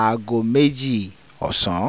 aago méjì ọ̀sán.